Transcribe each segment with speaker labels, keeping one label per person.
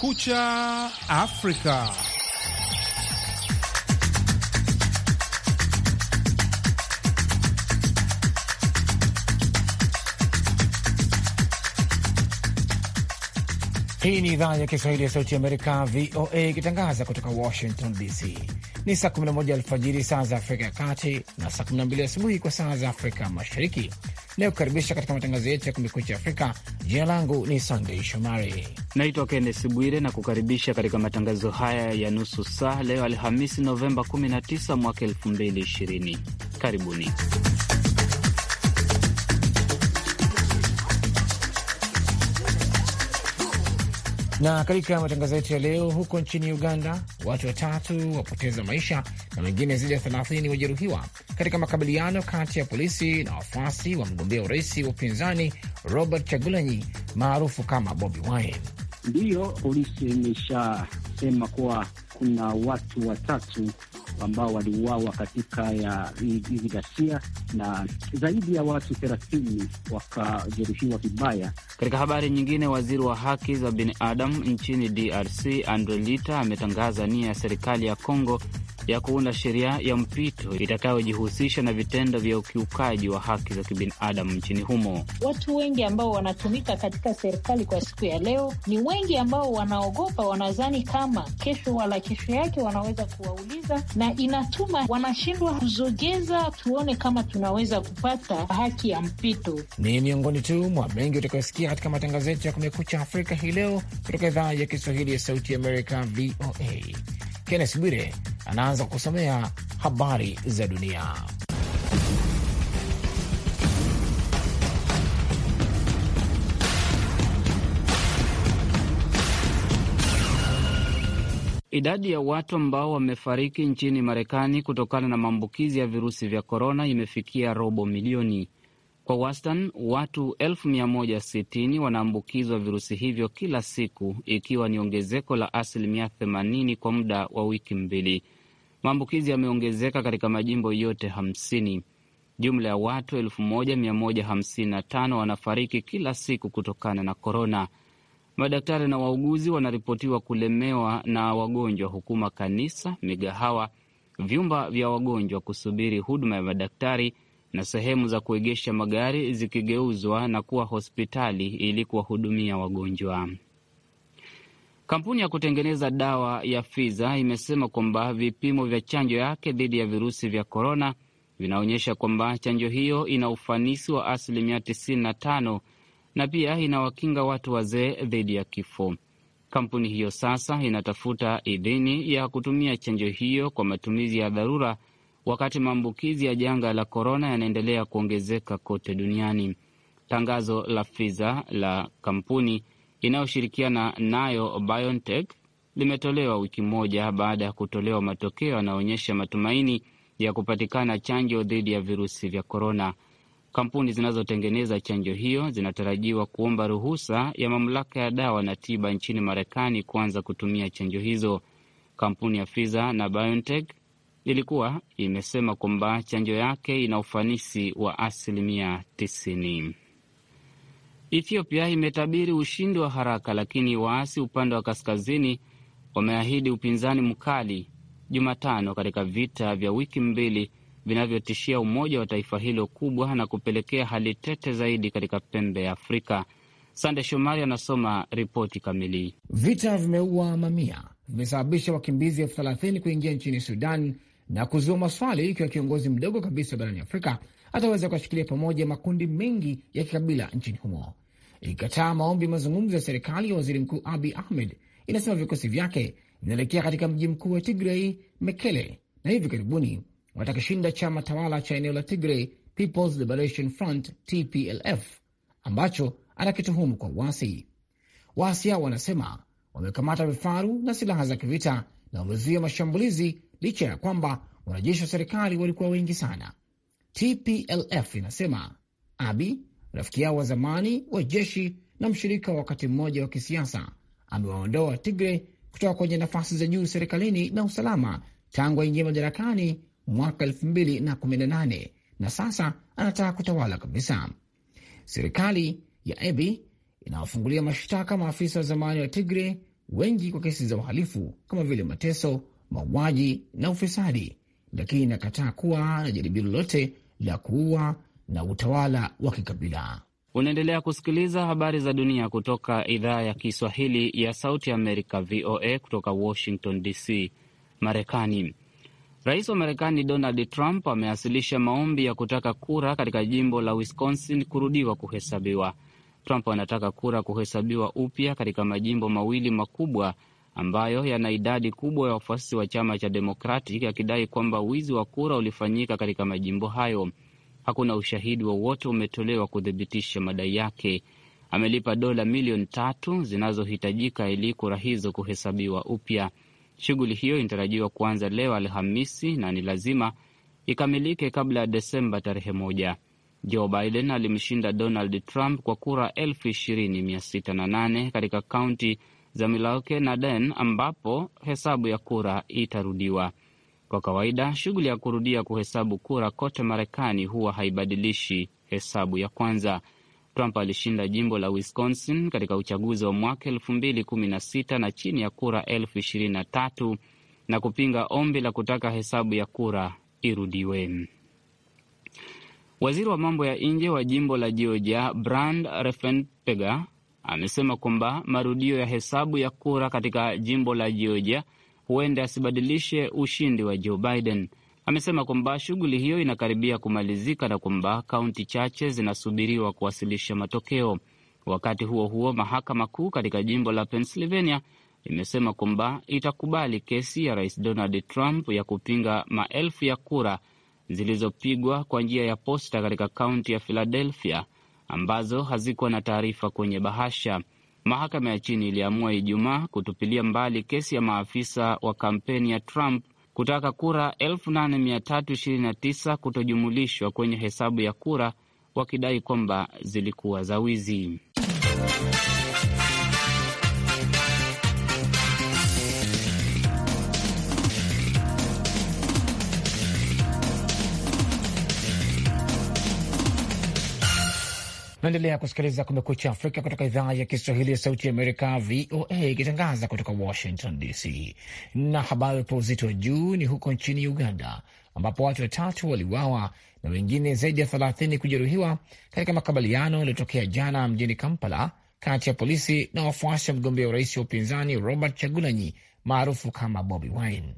Speaker 1: Kumekucha Afrika.
Speaker 2: Hii ni idhaa ya Kiswahili ya Sauti ya Amerika, VOA, ikitangaza kutoka Washington DC. Ni saa 11 alfajiri saa za Afrika ya Kati na saa 12 asubuhi kwa saa za Afrika Mashariki nayokukaribisha katika matangazo yetu ya Kumekucha Afrika. Jina langu ni Sandei Shomari,
Speaker 3: naitwa Kennes Bwire na kukaribisha katika matangazo haya ya nusu saa leo Alhamisi, Novemba 19 mwaka 2020. Karibuni.
Speaker 2: Na katika matangazo yetu ya leo, huko nchini Uganda watu watatu wapoteza maisha na wengine zaidi ya 30 wajeruhiwa katika makabiliano kati ya polisi na wafuasi wa mgombea urais wa upinzani Robert Chagulanyi maarufu kama Bobi Wine.
Speaker 4: Ndiyo polisi imeshasema kuwa kuna watu watatu ambao waliuawa katika ya hizi ghasia na zaidi ya watu thelathini wakajeruhiwa vibaya.
Speaker 3: Katika habari nyingine, waziri wa haki za binadamu nchini DRC Andre Lita ametangaza nia ya serikali ya Kongo ya kuunda sheria ya mpito itakayojihusisha na vitendo vya ukiukaji wa haki za kibinadamu nchini humo. Watu wengi ambao wanatumika katika serikali kwa siku ya leo ni wengi ambao wanaogopa, wanazani kama kesho wala kesho yake wanaweza kuwauliza na na inatuma wanashindwa kuzogeza, tuone kama tunaweza kupata haki ya mpito.
Speaker 2: Ni miongoni tu mwa mengi utakayosikia katika matangazo yetu ya Kumekucha Afrika hii leo kutoka idhaa ya Kiswahili ya Sauti ya Amerika, VOA. Kennes Bwire anaanza kusomea habari za dunia.
Speaker 3: Idadi ya watu ambao wamefariki nchini Marekani kutokana na maambukizi ya virusi vya korona imefikia robo milioni. Kwa waston watu 160 wanaambukizwa virusi hivyo kila siku, ikiwa ni ongezeko la asilimia 80 kwa muda wa wiki mbili. Maambukizi yameongezeka katika majimbo yote 50. Jumla ya watu 1155 wanafariki kila siku kutokana na korona. Madaktari na wauguzi wanaripotiwa kulemewa na wagonjwa, huku makanisa, migahawa, vyumba vya wagonjwa kusubiri huduma ya madaktari na sehemu za kuegesha magari zikigeuzwa na kuwa hospitali ili kuwahudumia wagonjwa. Kampuni ya kutengeneza dawa ya Pfizer imesema kwamba vipimo vya chanjo yake dhidi ya virusi vya korona vinaonyesha kwamba chanjo hiyo ina ufanisi wa asilimia 95 na pia inawakinga watu wazee dhidi ya kifo. Kampuni hiyo sasa inatafuta idhini ya kutumia chanjo hiyo kwa matumizi ya dharura wakati maambukizi ya janga la korona yanaendelea kuongezeka kote duniani. Tangazo la Pfizer la kampuni inayoshirikiana nayo BioNTech limetolewa wiki moja baada ya kutolewa matokeo yanaonyesha matumaini ya kupatikana chanjo dhidi ya virusi vya korona. Kampuni zinazotengeneza chanjo hiyo zinatarajiwa kuomba ruhusa ya mamlaka ya dawa na tiba nchini Marekani kuanza kutumia chanjo hizo. Kampuni ya Pfizer na BioNTech ilikuwa imesema kwamba chanjo yake ina ufanisi wa asilimia 90. Ethiopia imetabiri ushindi wa haraka, lakini waasi upande wa kaskazini wameahidi upinzani mkali Jumatano katika vita vya wiki mbili vinavyotishia umoja wa taifa hilo kubwa na kupelekea hali tete zaidi katika pembe ya Afrika. Sande Shomari anasoma ripoti kamili.
Speaker 2: Vita vimeua mamia, vimesababisha wakimbizi elfu thelathini kuingia nchini Sudan na kuzua maswali ikiwa kiongozi mdogo kabisa barani Afrika ataweza kuwashikilia pamoja makundi mengi ya kikabila nchini humo. Ikikataa maombi mazungumzo ya serikali ya waziri mkuu Abi Ahmed, inasema vikosi vyake vinaelekea katika mji mkuu wa Tigrei, Mekele, na hivi karibuni watakishinda chama tawala cha eneo la Tigray People's Liberation Front TPLF ambacho anakituhumu kwa uasi. Waasi hao wanasema wamekamata vifaru na silaha za kivita na wamezuia mashambulizi licha ya kwamba wanajeshi wa serikali walikuwa wengi sana. TPLF inasema Abi, rafiki yao wa zamani wa jeshi na mshirika wa wakati mmoja wa kisiasa, amewaondoa Tigre kutoka kwenye nafasi za juu serikalini na usalama tangu aingia madarakani mwaka 2018 na sasa anataka kutawala kabisa. Serikali ya ebi inawafungulia mashtaka maafisa wa zamani wa Tigre, wengi kwa kesi za uhalifu kama vile mateso, mauaji na ufisadi, lakini inakataa kuwa na jaribio lolote la kuua na utawala wa kikabila.
Speaker 3: Unaendelea kusikiliza habari za dunia kutoka idhaa ya Kiswahili ya Sauti Amerika, VOA, kutoka Washington DC, Marekani. Rais wa Marekani Donald Trump amewasilisha maombi ya kutaka kura katika jimbo la Wisconsin kurudiwa kuhesabiwa. Trump anataka kura kuhesabiwa upya katika majimbo mawili makubwa ambayo yana idadi kubwa ya wafuasi wa chama cha Demokratic, akidai kwamba wizi wa kura ulifanyika katika majimbo hayo. Hakuna ushahidi wowote umetolewa kuthibitisha madai yake. Amelipa dola milioni tatu zinazohitajika ili kura hizo kuhesabiwa upya. Shughuli hiyo inatarajiwa kuanza leo Alhamisi na ni lazima ikamilike kabla ya Desemba tarehe moja. Joe Biden alimshinda Donald Trump kwa kura elfu ishirini mia sita na nane katika kaunti za Milwaukee na Den ambapo hesabu ya kura itarudiwa. Kwa kawaida shughuli ya kurudia kuhesabu kura kote Marekani huwa haibadilishi hesabu ya kwanza. Trump alishinda jimbo la Wisconsin katika uchaguzi wa mwaka elfu mbili kumi na sita na chini ya kura elfu ishirini na tatu na kupinga ombi la kutaka hesabu ya kura irudiwe. Waziri wa mambo ya nje wa jimbo la Georgia Brand Refenpega amesema kwamba marudio ya hesabu ya kura katika jimbo la Georgia huenda asibadilishe ushindi wa Joe Biden. Amesema kwamba shughuli hiyo inakaribia kumalizika na kwamba kaunti chache zinasubiriwa kuwasilisha matokeo. Wakati huo huo, mahakama kuu katika jimbo la Pennsylvania imesema kwamba itakubali kesi ya rais Donald Trump ya kupinga maelfu ya kura zilizopigwa kwa njia ya posta katika kaunti ya Philadelphia ambazo hazikuwa na taarifa kwenye bahasha. Mahakama ya chini iliamua Ijumaa kutupilia mbali kesi ya maafisa wa kampeni ya Trump kutaka kura 8329 kutojumulishwa kwenye hesabu ya kura wakidai kwamba zilikuwa za wizi.
Speaker 2: Naendelea kusikiliza Kumekucha Afrika kutoka idhaa ya Kiswahili ya Sauti ya Amerika, VOA, ikitangaza kutoka Washington DC. Na habari pa uzito wa juu ni huko nchini Uganda, ambapo watu watatu waliuawa na wengine zaidi ya thelathini kujeruhiwa katika makabaliano yaliyotokea jana mjini Kampala kati ya polisi na wafuasi wa mgombea urais wa upinzani Robert Chagulanyi maarufu kama Bobi Wine.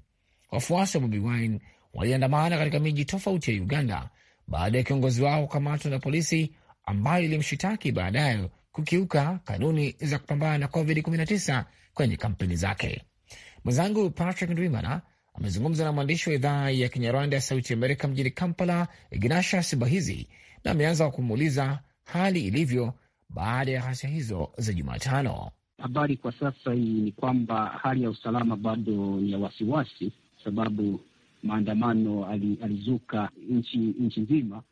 Speaker 2: Wafuasi wa Bobi Wine waliandamana katika miji tofauti ya Uganda baada ya kiongozi wao kukamatwa na polisi ambayo ilimshitaki baadaye kukiuka kanuni za kupambana na COVID-19 kwenye kampeni zake. Mwenzangu Patrick Ndwimana amezungumza na mwandishi wa idhaa ya Kinyarwanda ya Sauti Amerika mjini Kampala, Ignasha Sibahizi, na ameanza kwa kumuuliza hali ilivyo baada ya ghasia hizo za
Speaker 4: Jumatano. Habari kwa sasa hii ni kwamba hali ya usalama bado ni ya wasiwasi, sababu maandamano alizuka nchi nchi nzima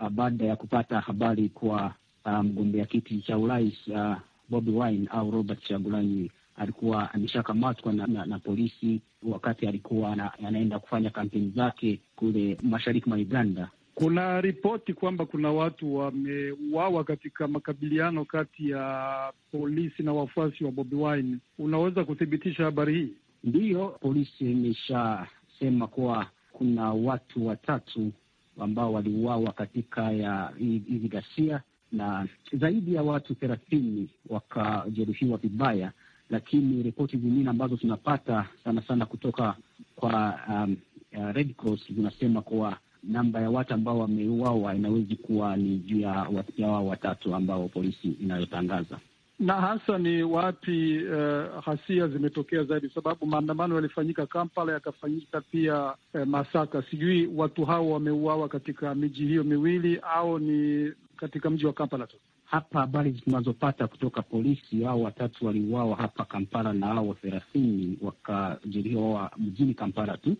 Speaker 4: Uh, baada ya kupata habari kwa uh, mgombea um, kiti cha urais uh, Bobi Wine au Robert Chagulanyi alikuwa ameshakamatwa na, na, na polisi wakati alikuwa na, anaenda kufanya kampeni zake kule mashariki mwa Uganda.
Speaker 1: Kuna ripoti kwamba kuna watu wameuawa katika makabiliano kati ya polisi na wafuasi wa Bobi Wine. Unaweza kuthibitisha habari hii? Ndiyo, polisi
Speaker 4: imeshasema kuwa kuna watu watatu ambao waliuawa katika ya hizi ghasia na zaidi ya watu thelathini wakajeruhiwa vibaya, lakini ripoti zingine ambazo tunapata sana sana kutoka kwa um, uh, Red Cross zinasema kuwa namba ya watu ambao wameuawa inawezi kuwa ni juu ya watu watatu ambao polisi inayotangaza
Speaker 1: na hasa ni wapi uh, zimetokea zaidi, sababu maandamano yalifanyika Kampala, yakafanyika pia uh, Masaka. Sijui watu hao wameuawa katika miji hiyo miwili au ni katika mji wa Kampala tu.
Speaker 4: Hapa habari tunazopata kutoka polisi, hao watatu waliuawa hapa Kampala na hao thelathini wakajeruhiwa
Speaker 1: mjini Kampala tu.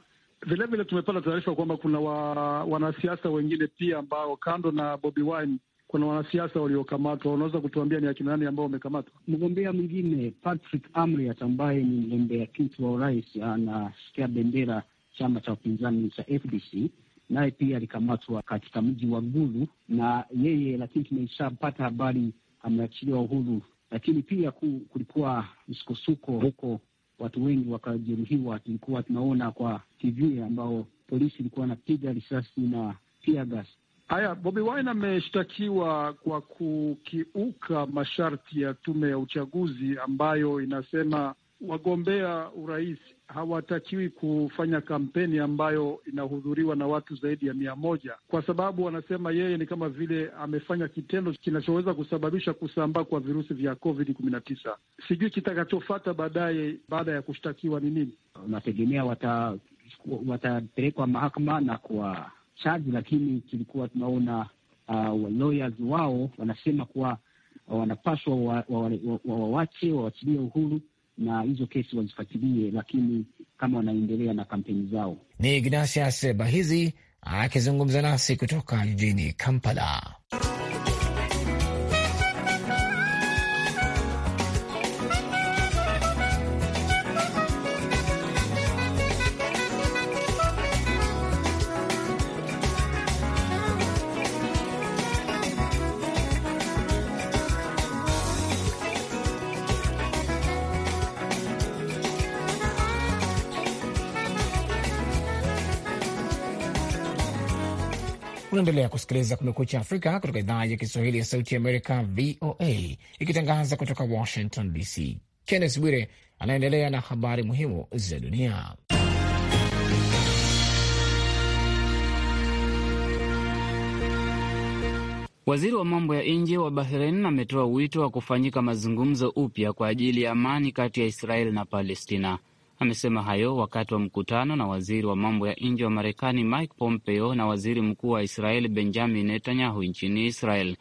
Speaker 1: Vilevile tumepata taarifa kwamba kuna wa, wanasiasa wengine pia ambao kando na Bobi Wine kuna wanasiasa waliokamatwa, unaweza kutuambia ni akina nani ambao wamekamatwa?
Speaker 4: Mgombea mwingine Patrick Amriat ambaye ni mgombea kiti wa urais anasikia bendera chama cha upinzani cha FDC naye pia alikamatwa katika mji wa Gulu na yeye, lakini tumeshapata habari ameachiliwa uhuru. Lakini pia ku, kulikuwa msukosuko huko, watu wengi wakajeruhiwa. Tulikuwa tunaona kwa TV ambao polisi ilikuwa anapiga risasi na tear gas
Speaker 1: Haya, Bobi Wine ameshtakiwa kwa kukiuka masharti ya tume ya uchaguzi ambayo inasema wagombea urais hawatakiwi kufanya kampeni ambayo inahudhuriwa na watu zaidi ya mia moja kwa sababu wanasema yeye ni kama vile amefanya kitendo kinachoweza kusababisha kusambaa kwa virusi vya Covid kumi na tisa. Sijui kitakachofata baadaye baada ya kushtakiwa ni nini. Nategemea
Speaker 4: watapelekwa wata mahakama na kwa charge, lakini tulikuwa tunaona uh, wa lawyers wao wanasema kuwa wanapaswa wawache wa, wa, wa, wawachilie uhuru na hizo kesi wazifuatilie, lakini kama wanaendelea na kampeni zao.
Speaker 2: Ni Ignatius Bahizi akizungumza nasi kutoka jijini Kampala. Unaendelea kusikiliza Kumekucha Afrika kutoka idhaa ya Kiswahili ya Sauti Amerika, VOA, ikitangaza kutoka Washington DC. Kenneth Bwire anaendelea na habari muhimu za dunia.
Speaker 3: Waziri wa mambo ya nje wa Bahrain ametoa wito wa kufanyika mazungumzo upya kwa ajili ya amani kati ya Israeli na Palestina. Amesema hayo wakati wa mkutano na waziri wa mambo ya nje wa Marekani Mike Pompeo na waziri mkuu wa Israeli Benjamin Netanyahu nchini Israel.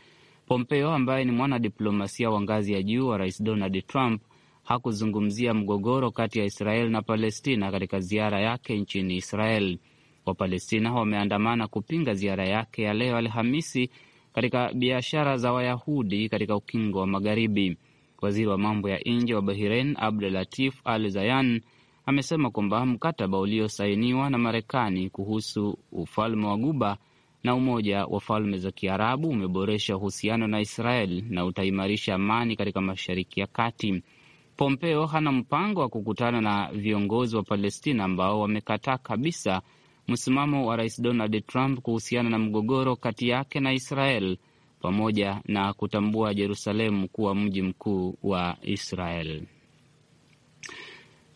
Speaker 3: Pompeo ambaye ni mwanadiplomasia wa ngazi ya juu wa rais Donald Trump hakuzungumzia mgogoro kati ya Israel na Palestina katika ziara yake nchini Israel. Wapalestina wameandamana kupinga ziara yake ya leo Alhamisi katika biashara za Wayahudi katika ukingo wa Magharibi. Waziri wa mambo ya nje wa Bahrein Abdulatif Al Zayan amesema kwamba mkataba uliosainiwa na Marekani kuhusu ufalme wa Guba na Umoja wa Falme za Kiarabu umeboresha uhusiano na Israel na utaimarisha amani katika Mashariki ya Kati. Pompeo hana mpango wa kukutana na viongozi wa Palestina ambao wamekataa kabisa msimamo wa Rais Donald Trump kuhusiana na mgogoro kati yake na Israel pamoja na kutambua Jerusalemu kuwa mji mkuu wa Israel.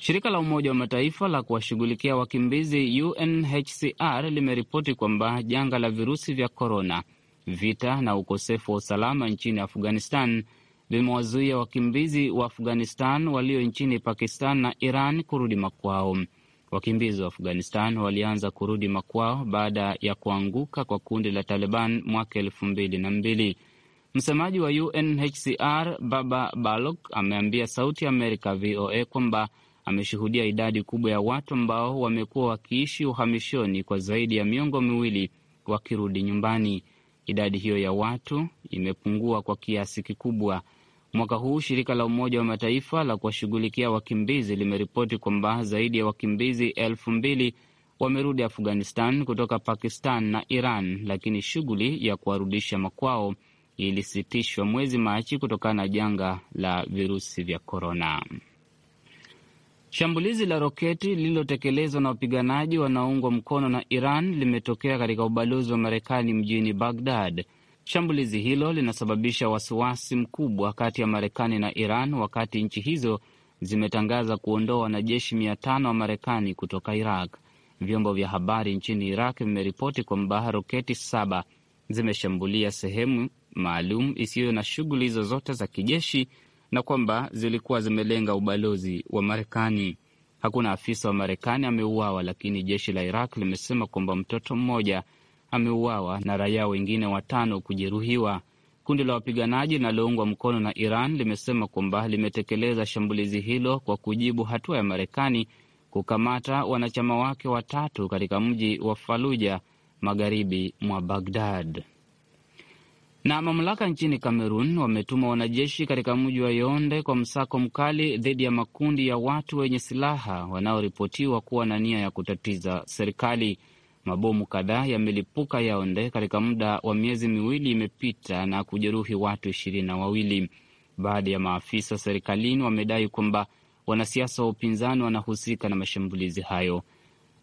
Speaker 3: Shirika la Umoja wa Mataifa la kuwashughulikia wakimbizi UNHCR limeripoti kwamba janga la virusi vya korona, vita na ukosefu wa usalama nchini Afghanistan vimewazuia wakimbizi wa Afghanistan walio nchini Pakistan na Iran kurudi makwao. Wakimbizi wa Afghanistan walianza kurudi makwao baada ya kuanguka kwa kundi la Taliban mwaka elfu mbili na mbili. Msemaji wa UNHCR Baba Balok ameambia Sauti ya Amerika VOA kwamba ameshuhudia idadi kubwa ya watu ambao wamekuwa wakiishi uhamishoni kwa zaidi ya miongo miwili wakirudi nyumbani. Idadi hiyo ya watu imepungua kwa kiasi kikubwa. Mwaka huu shirika la Umoja wa Mataifa la kuwashughulikia wakimbizi limeripoti kwamba zaidi ya wakimbizi elfu mbili wamerudi Afghanistan kutoka Pakistan na Iran, lakini shughuli ya kuwarudisha makwao ilisitishwa mwezi Machi kutokana na janga la virusi vya korona. Shambulizi la roketi lililotekelezwa na wapiganaji wanaoungwa mkono na Iran limetokea katika ubalozi wa Marekani mjini Bagdad. Shambulizi hilo linasababisha wasiwasi mkubwa kati ya Marekani na Iran, wakati nchi hizo zimetangaza kuondoa wanajeshi mia tano wa Marekani kutoka Iraq. Vyombo vya habari nchini Iraq vimeripoti kwamba roketi saba zimeshambulia sehemu maalum isiyo na shughuli zozote za kijeshi na kwamba zilikuwa zimelenga ubalozi wa Marekani. Hakuna afisa wa Marekani ameuawa, lakini jeshi la Iraq limesema kwamba mtoto mmoja ameuawa na raia wengine watano kujeruhiwa. Kundi la wapiganaji linaloungwa mkono na Iran limesema kwamba limetekeleza shambulizi hilo kwa kujibu hatua ya Marekani kukamata wanachama wake watatu katika mji wa Faluja magharibi mwa Bagdad. Na mamlaka nchini Kamerun wametuma wanajeshi katika mji wa yonde kwa msako mkali dhidi ya makundi ya watu wenye silaha wanaoripotiwa kuwa na nia ya kutatiza serikali. Mabomu kadhaa yamelipuka Yaonde katika muda wa miezi miwili imepita na kujeruhi watu ishirini na wawili. Baadhi ya maafisa serikalini wamedai kwamba wanasiasa wa upinzani wanahusika na mashambulizi hayo.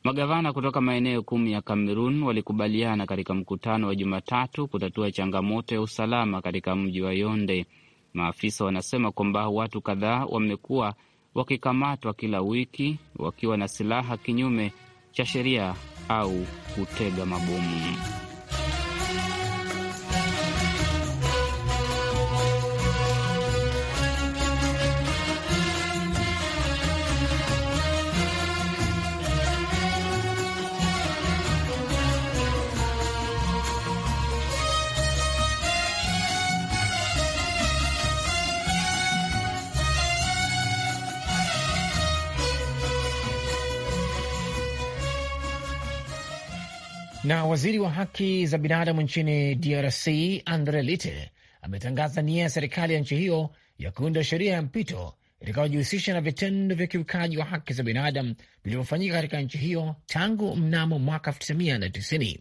Speaker 3: Magavana kutoka maeneo kumi ya Kamerun walikubaliana katika mkutano wa Jumatatu kutatua changamoto ya usalama katika mji wa yonde Maafisa wanasema kwamba watu kadhaa wamekuwa wakikamatwa kila wiki wakiwa na silaha kinyume cha sheria au kutega mabomu.
Speaker 2: Na waziri wa haki za binadamu nchini DRC Andre Lite ametangaza nia ya serikali ya nchi hiyo ya kuunda sheria ya mpito itakayojihusisha na vitendo vya kiukaji wa haki za binadamu vilivyofanyika katika nchi hiyo tangu mnamo mwaka 1990.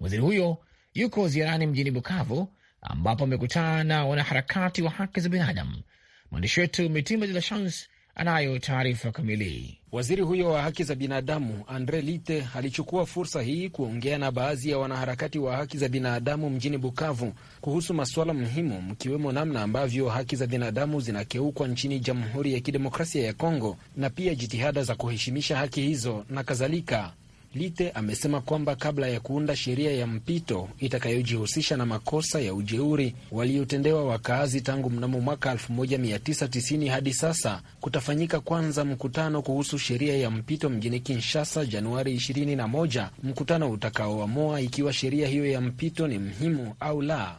Speaker 2: Waziri huyo yuko ziarani mjini Bukavu ambapo amekutana na wanaharakati wa haki za binadamu. Mwandishi wetu Mitima De La Chance anayo taarifa kamili.
Speaker 5: Waziri huyo wa haki za binadamu Andre Lite alichukua fursa hii kuongea na baadhi ya wanaharakati wa haki za binadamu mjini Bukavu kuhusu masuala muhimu, mkiwemo namna ambavyo haki za binadamu zinakeukwa nchini Jamhuri ya Kidemokrasia ya Kongo na pia jitihada za kuheshimisha haki hizo na kadhalika. Lite amesema kwamba kabla ya kuunda sheria ya mpito itakayojihusisha na makosa ya ujeuri waliotendewa wakaazi tangu mnamo mwaka 1990 hadi sasa, kutafanyika kwanza mkutano kuhusu sheria ya mpito mjini Kinshasa Januari 21, mkutano utakaoamua ikiwa sheria hiyo ya mpito ni muhimu au la.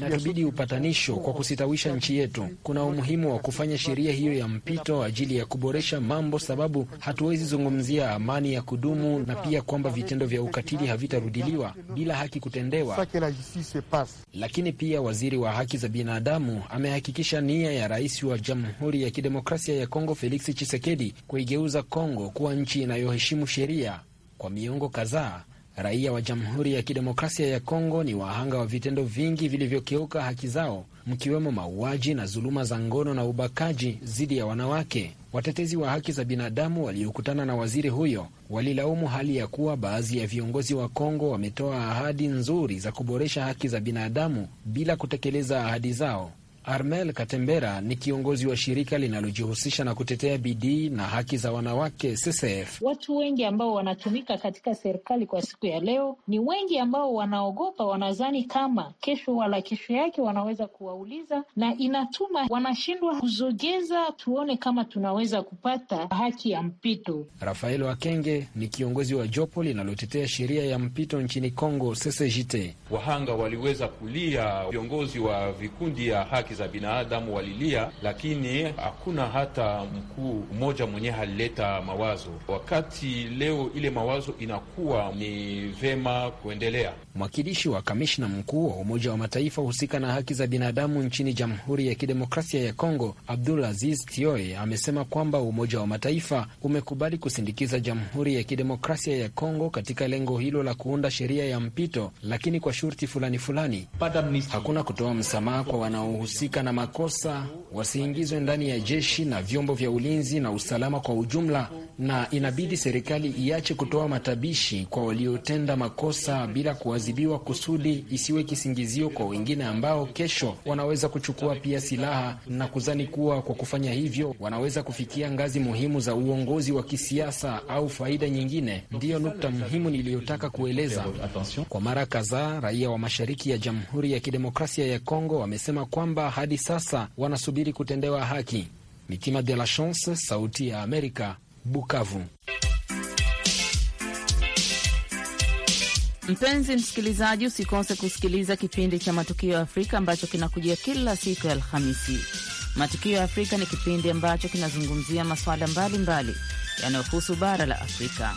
Speaker 5: Inatubidi upatanisho kwa kusitawisha nchi yetu. Kuna umuhimu wa kufanya sheria hiyo ya mpito ajili ya kuboresha mambo, sababu hatuwezi zungumzia amani ya kudumu na pia kwamba vitendo vya ukatili havitarudiliwa bila haki kutendewa. Lakini pia waziri wa haki za binadamu amehakikisha nia ya rais wa Jamhuri ya Kidemokrasia ya Kongo feliksi chisekedi kuigeuza Kongo kuwa nchi inayoheshimu sheria. Kwa miongo kadhaa Raia wa Jamhuri ya Kidemokrasia ya Kongo ni wahanga wa vitendo vingi vilivyokiuka haki zao, mkiwemo mauaji na dhuluma za ngono na ubakaji dhidi ya wanawake. Watetezi wa haki za binadamu waliokutana na waziri huyo walilaumu hali ya kuwa baadhi ya viongozi wa Kongo wametoa ahadi nzuri za kuboresha haki za binadamu bila kutekeleza ahadi zao. Armel Katembera ni kiongozi wa shirika linalojihusisha na kutetea bidii na haki za wanawake CCF.
Speaker 4: Watu
Speaker 3: wengi ambao wanatumika katika serikali kwa siku ya leo ni wengi ambao wanaogopa, wanazani kama kesho wala kesho yake wanaweza kuwauliza, na inatuma wanashindwa kuzogeza, tuone kama tunaweza kupata haki ya mpito.
Speaker 5: Rafael Wakenge ni kiongozi wa jopo linalotetea sheria ya mpito nchini congo CCJT. Wahanga waliweza kulia viongozi wa vikundi ya haki haki za binadamu walilia, lakini hakuna hata mkuu mmoja mwenyewe alileta mawazo. Wakati leo ile mawazo inakuwa ni vema kuendelea. Mwakilishi wa kamishna mkuu wa Umoja wa Mataifa husika na haki za binadamu nchini Jamhuri ya Kidemokrasia ya Kongo, Abdul Aziz Tioe, amesema kwamba Umoja wa Mataifa umekubali kusindikiza Jamhuri ya Kidemokrasia ya Kongo katika lengo hilo la kuunda sheria ya mpito, lakini kwa shurti fulani fulani. Hakuna kutoa msamaha kwa wanaohusika wanaohusika na makosa wasiingizwe ndani ya jeshi na vyombo vya ulinzi na usalama kwa ujumla, na inabidi serikali iache kutoa matabishi kwa waliotenda makosa bila kuadhibiwa, kusudi isiwe kisingizio kwa wengine ambao kesho wanaweza kuchukua pia silaha na kuzani kuwa kwa kufanya hivyo wanaweza kufikia ngazi muhimu za uongozi wa kisiasa au faida nyingine. Ndiyo nukta muhimu niliyotaka kueleza. Kwa mara kadhaa, raia wa mashariki ya Jamhuri ya Kidemokrasia ya Kongo wamesema kwamba hadi sasa wanasubiri kutendewa haki. Mitima de la Chance, Sauti ya Amerika, Bukavu. Mpenzi msikilizaji, usikose
Speaker 3: kusikiliza kipindi cha Matukio ya Afrika ambacho kinakujia kila siku ya Alhamisi. Matukio ya Afrika ni kipindi ambacho kinazungumzia masuala mbalimbali yanayohusu bara la Afrika.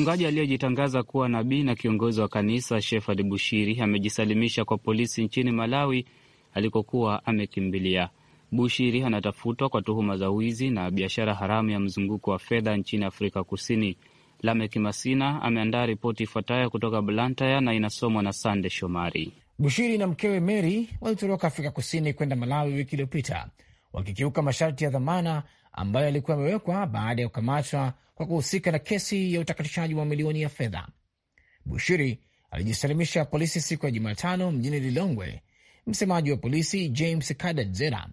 Speaker 3: Mchungaji aliyejitangaza kuwa nabii na kiongozi wa kanisa Shefard Bushiri amejisalimisha kwa polisi nchini Malawi alikokuwa amekimbilia. Bushiri anatafutwa kwa tuhuma za wizi na biashara haramu ya mzunguko wa fedha nchini Afrika Kusini. Lamek Masina ameandaa ripoti ifuatayo kutoka Blantyre na inasomwa na Sande Shomari.
Speaker 2: Bushiri na mkewe Mary walitoroka Afrika Kusini kwenda Malawi wiki iliyopita wakikiuka masharti ya dhamana ambayo alikuwa amewekwa baada ya kukamatwa kwa kuhusika na kesi ya utakatishaji wa milioni ya fedha. Bushiri alijisalimisha polisi siku ya Jumatano mjini Lilongwe. Msemaji wa polisi James Kadadzera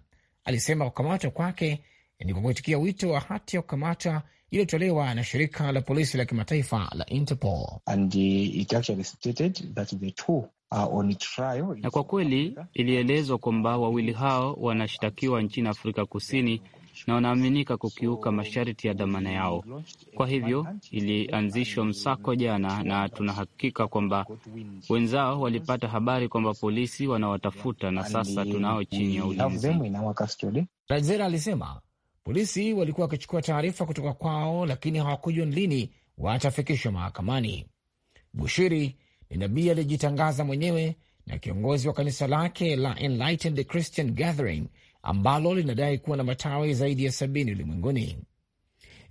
Speaker 2: alisema kukamatwa kwake ni kwa kuitikia wito wa hati ya kukamata iliyotolewa na shirika la polisi la kimataifa la Interpol. And it actually stated that the two are on trial. Na
Speaker 3: kwa kweli ilielezwa kwamba wawili hao wanashtakiwa nchini Afrika Kusini na wanaaminika kukiuka masharti ya dhamana yao. Kwa hivyo ilianzishwa msako jana, na tunahakika kwamba wenzao walipata habari kwamba polisi wanawatafuta na sasa tunao chini ya ulinzi.
Speaker 2: Rajzera alisema polisi walikuwa wakichukua taarifa kutoka kwao, lakini hawakujwa ni lini watafikishwa mahakamani. Bushiri ni nabii aliyejitangaza mwenyewe na kiongozi wa kanisa lake la Enlightened Christian Gathering ambalo linadai kuwa na matawi zaidi ya sabini ulimwenguni.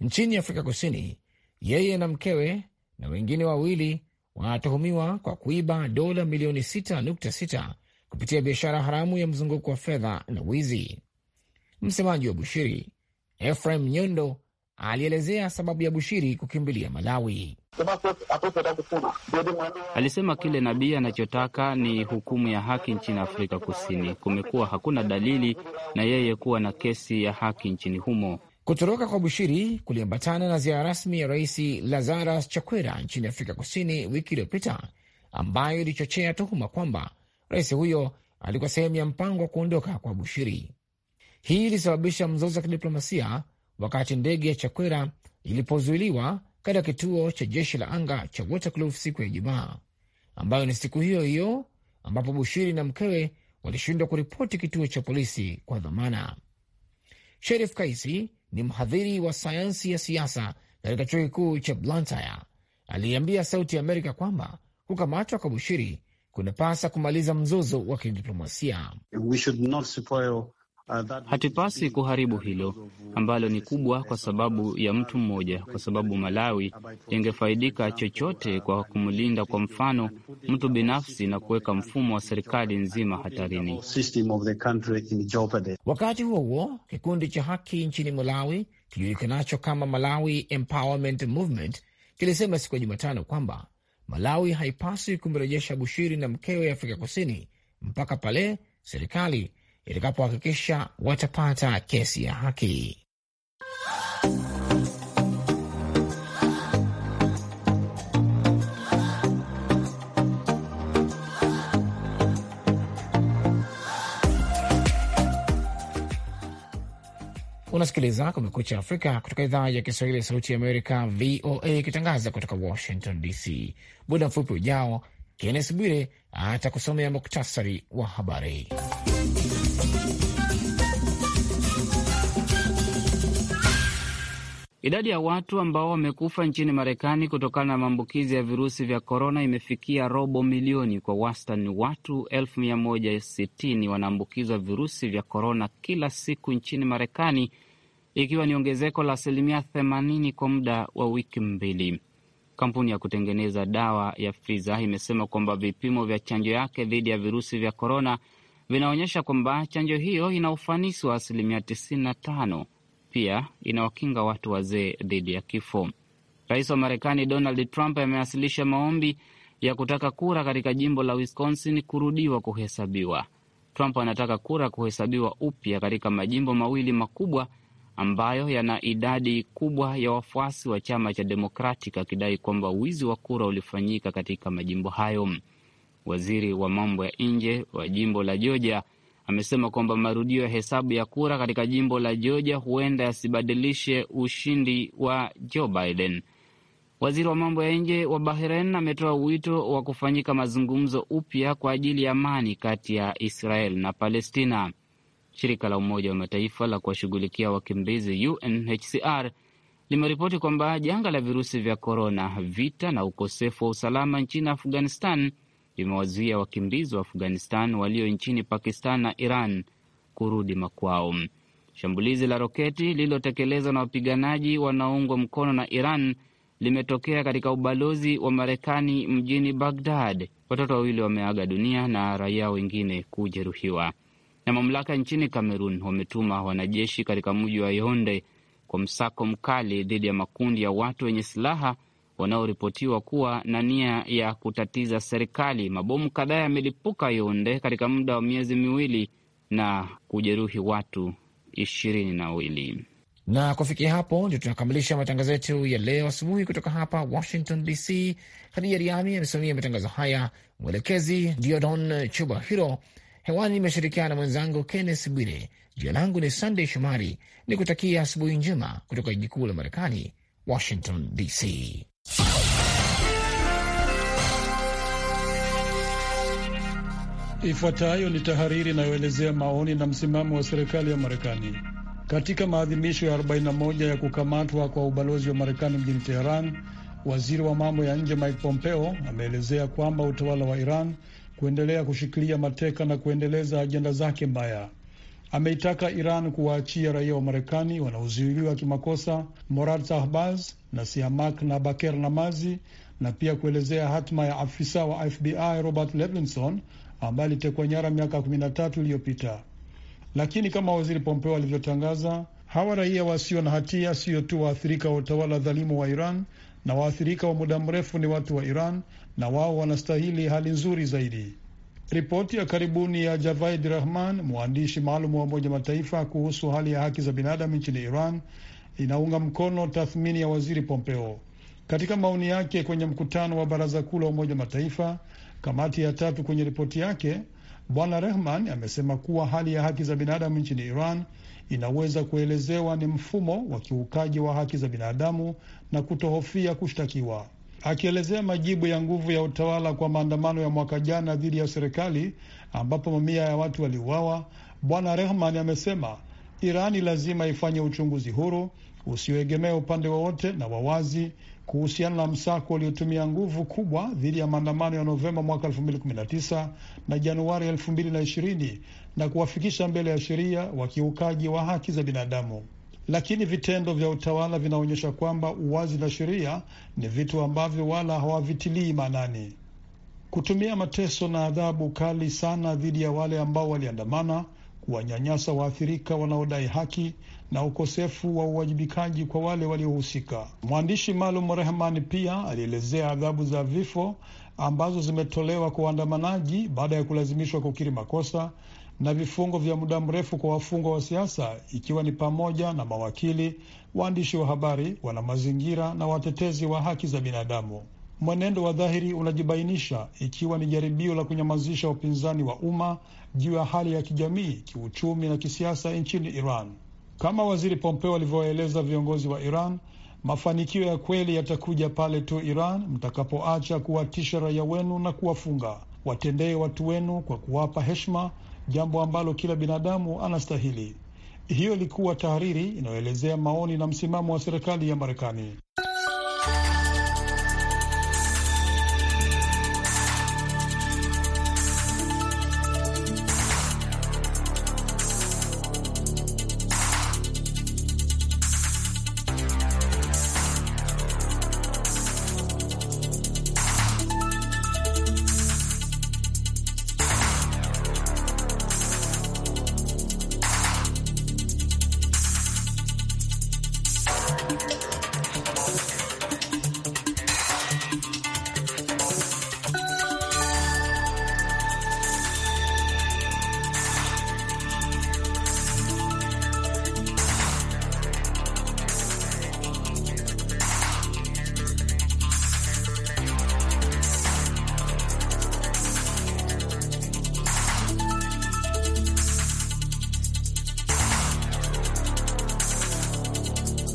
Speaker 2: Nchini Afrika Kusini, yeye na mkewe na wengine wawili wanatuhumiwa kwa kuiba dola milioni 6.6 kupitia biashara haramu ya mzunguko wa fedha na wizi. Msemaji wa Bushiri Efraim Nyondo alielezea sababu ya Bushiri kukimbilia Malawi.
Speaker 3: Alisema kile Nabii anachotaka ni hukumu ya haki nchini Afrika Kusini. Kumekuwa hakuna dalili na yeye kuwa na kesi ya haki nchini humo.
Speaker 2: Kutoroka kwa Bushiri kuliambatana na ziara rasmi ya Rais Lazarus Chakwera nchini Afrika Kusini wiki iliyopita, ambayo ilichochea tuhuma kwamba rais huyo alikuwa sehemu ya mpango wa kuondoka kwa Bushiri. Hii ilisababisha mzozo wa kidiplomasia wakati ndege ya Chakwera ilipozuiliwa katika kituo cha jeshi la anga cha Waterkloof siku ya Ijumaa, ambayo ni siku hiyo hiyo ambapo Bushiri na mkewe walishindwa kuripoti kituo cha polisi kwa dhamana. Sherif Kaisi ni mhadhiri wa sayansi ya siasa katika chuo kikuu cha Blantyre. aliyeambia Sauti ya Amerika kwamba kukamatwa kwa Bushiri kunapasa kumaliza mzozo wa kidiplomasia.
Speaker 3: We should not spoil Hatupasi kuharibu hilo ambalo ni kubwa kwa sababu ya mtu mmoja, kwa sababu Malawi ingefaidika chochote kwa kumlinda, kwa mfano, mtu binafsi na kuweka mfumo wa serikali nzima hatarini.
Speaker 2: Wakati huo huo, kikundi cha haki nchini Malawi kijulikanacho kama Malawi Empowerment Movement kilisema siku ya Jumatano kwamba Malawi haipaswi kumrejesha Bushiri na mkewe Afrika Kusini mpaka pale serikali itakapohakikisha watapata kesi ya haki. Unasikiliza Kumekucha Afrika kutoka idhaa ya Kiswahili ya Sauti ya Amerika, VOA, ikitangaza kutoka Washington DC. Muda mfupi ujao, Kennes Bwire atakusomea muktasari wa habari.
Speaker 3: Idadi ya watu ambao wamekufa nchini Marekani kutokana na maambukizi ya virusi vya korona imefikia robo milioni. Kwa wastani watu 160 wanaambukizwa virusi vya korona kila siku nchini Marekani, ikiwa ni ongezeko la asilimia 80 kwa muda wa wiki mbili. Kampuni ya kutengeneza dawa ya Pfizer imesema kwamba vipimo vya chanjo yake dhidi ya virusi vya korona vinaonyesha kwamba chanjo hiyo ina ufanisi wa asilimia 95 pia inawakinga watu wazee dhidi ya kifo. Rais wa Marekani Donald Trump amewasilisha maombi ya kutaka kura katika jimbo la Wisconsin kurudiwa kuhesabiwa. Trump anataka kura kuhesabiwa upya katika majimbo mawili makubwa ambayo yana idadi kubwa ya wafuasi wa chama cha demokratik akidai kwamba wizi wa kura ulifanyika katika majimbo hayo. Waziri wa mambo ya nje wa jimbo la Georgia amesema kwamba marudio ya hesabu ya kura katika jimbo la Georgia huenda yasibadilishe ushindi wa Joe Biden. Waziri wa mambo ya nje wa Bahrain ametoa wito wa kufanyika mazungumzo upya kwa ajili ya amani kati ya Israel na Palestina. Shirika la Umoja wa Mataifa la kuwashughulikia wakimbizi UNHCR limeripoti kwamba janga la virusi vya korona, vita na ukosefu wa usalama nchini Afghanistan limewazuia wakimbizi wa Afghanistan walio nchini Pakistan na Iran kurudi makwao. Shambulizi la roketi lililotekelezwa na wapiganaji wanaoungwa mkono na Iran limetokea katika ubalozi wa Marekani mjini Bagdad. Watoto wawili wameaga dunia na raia wengine kujeruhiwa. Na mamlaka nchini Kamerun wametuma wanajeshi katika mji wa yonde kwa msako mkali dhidi ya makundi ya watu wenye silaha wanaoripotiwa kuwa na nia ya kutatiza serikali. Mabomu kadhaa yamelipuka Yonde katika muda wa miezi miwili na kujeruhi watu ishirini na wawili.
Speaker 2: Na kufikia hapo ndio tunakamilisha matangazo yetu ya leo asubuhi kutoka hapa Washington DC. Hadija Riami amesimamia matangazo haya, mwelekezi Diodon Chuba Hiro. Hewani imeshirikiana na mwenzangu Kennes Bwire. Jina langu ni Sandey Shomari, ni kutakia asubuhi njema kutoka jiji kuu la Marekani, Washington DC.
Speaker 1: Ifuatayo ni tahariri inayoelezea maoni na msimamo wa serikali ya Marekani. Katika maadhimisho ya 41 ya kukamatwa kwa ubalozi wa Marekani mjini Teheran, waziri wa mambo ya nje Mike Pompeo ameelezea kwamba utawala wa Iran kuendelea kushikilia mateka na kuendeleza ajenda zake mbaya. Ameitaka Iran kuwaachia raia wa Marekani wanaozuiliwa kimakosa Morad Sahbaz, na Siamak na Baker Namazi na pia kuelezea hatima ya afisa wa FBI Robert Levinson ambaye alitekwa nyara miaka 13 iliyopita. Lakini kama waziri Pompeo alivyotangaza, hawa raia wasio na hatia siyo tu waathirika wa utawala dhalimu wa Iran na waathirika wa muda mrefu ni watu wa Iran na wao wanastahili hali nzuri zaidi. Ripoti ya karibuni ya Javaid Rahman, mwandishi maalum wa Umoja Mataifa kuhusu hali ya haki za binadamu nchini Iran inaunga mkono tathmini ya waziri Pompeo. Katika maoni yake kwenye mkutano wa baraza kuu la Umoja Mataifa, kamati ya tatu kwenye ripoti yake, Bwana Rehman amesema kuwa hali ya haki za binadamu nchini Iran inaweza kuelezewa ni mfumo wa kiukaji wa haki za binadamu na kutohofia kushtakiwa. Akielezea majibu ya nguvu ya utawala kwa maandamano ya mwaka jana dhidi ya serikali ambapo mamia ya watu waliuawa, Bwana Rehman amesema Irani lazima ifanye uchunguzi huru usioegemea upande wowote na wawazi kuhusiana na msako uliotumia nguvu kubwa dhidi ya maandamano ya Novemba mwaka 2019 na Januari 2020 na kuwafikisha mbele ya sheria wakiukaji wa haki za binadamu. Lakini vitendo vya utawala vinaonyesha kwamba uwazi na sheria ni vitu ambavyo wala hawavitilii maanani. Kutumia mateso na adhabu kali sana dhidi ya wale ambao waliandamana kuwanyanyasa waathirika wanaodai haki na ukosefu wa uwajibikaji kwa wale waliohusika. Mwandishi maalum Rehmani pia alielezea adhabu za vifo ambazo zimetolewa kwa waandamanaji baada ya kulazimishwa kukiri makosa na vifungo vya muda mrefu kwa wafungwa wa siasa, ikiwa ni pamoja na mawakili, waandishi wa habari, wana mazingira na watetezi wa haki za binadamu. Mwenendo wa dhahiri unajibainisha ikiwa ni jaribio la kunyamazisha upinzani wa umma juu ya hali ya kijamii, kiuchumi na kisiasa nchini Iran. Kama Waziri Pompeo alivyoeleza viongozi wa Iran, mafanikio ya kweli yatakuja pale tu Iran mtakapoacha kuwatisha raia wenu na kuwafunga. Watendee watu wenu kwa kuwapa heshima, jambo ambalo kila binadamu anastahili. Hiyo ilikuwa tahariri inayoelezea maoni na msimamo wa serikali ya Marekani.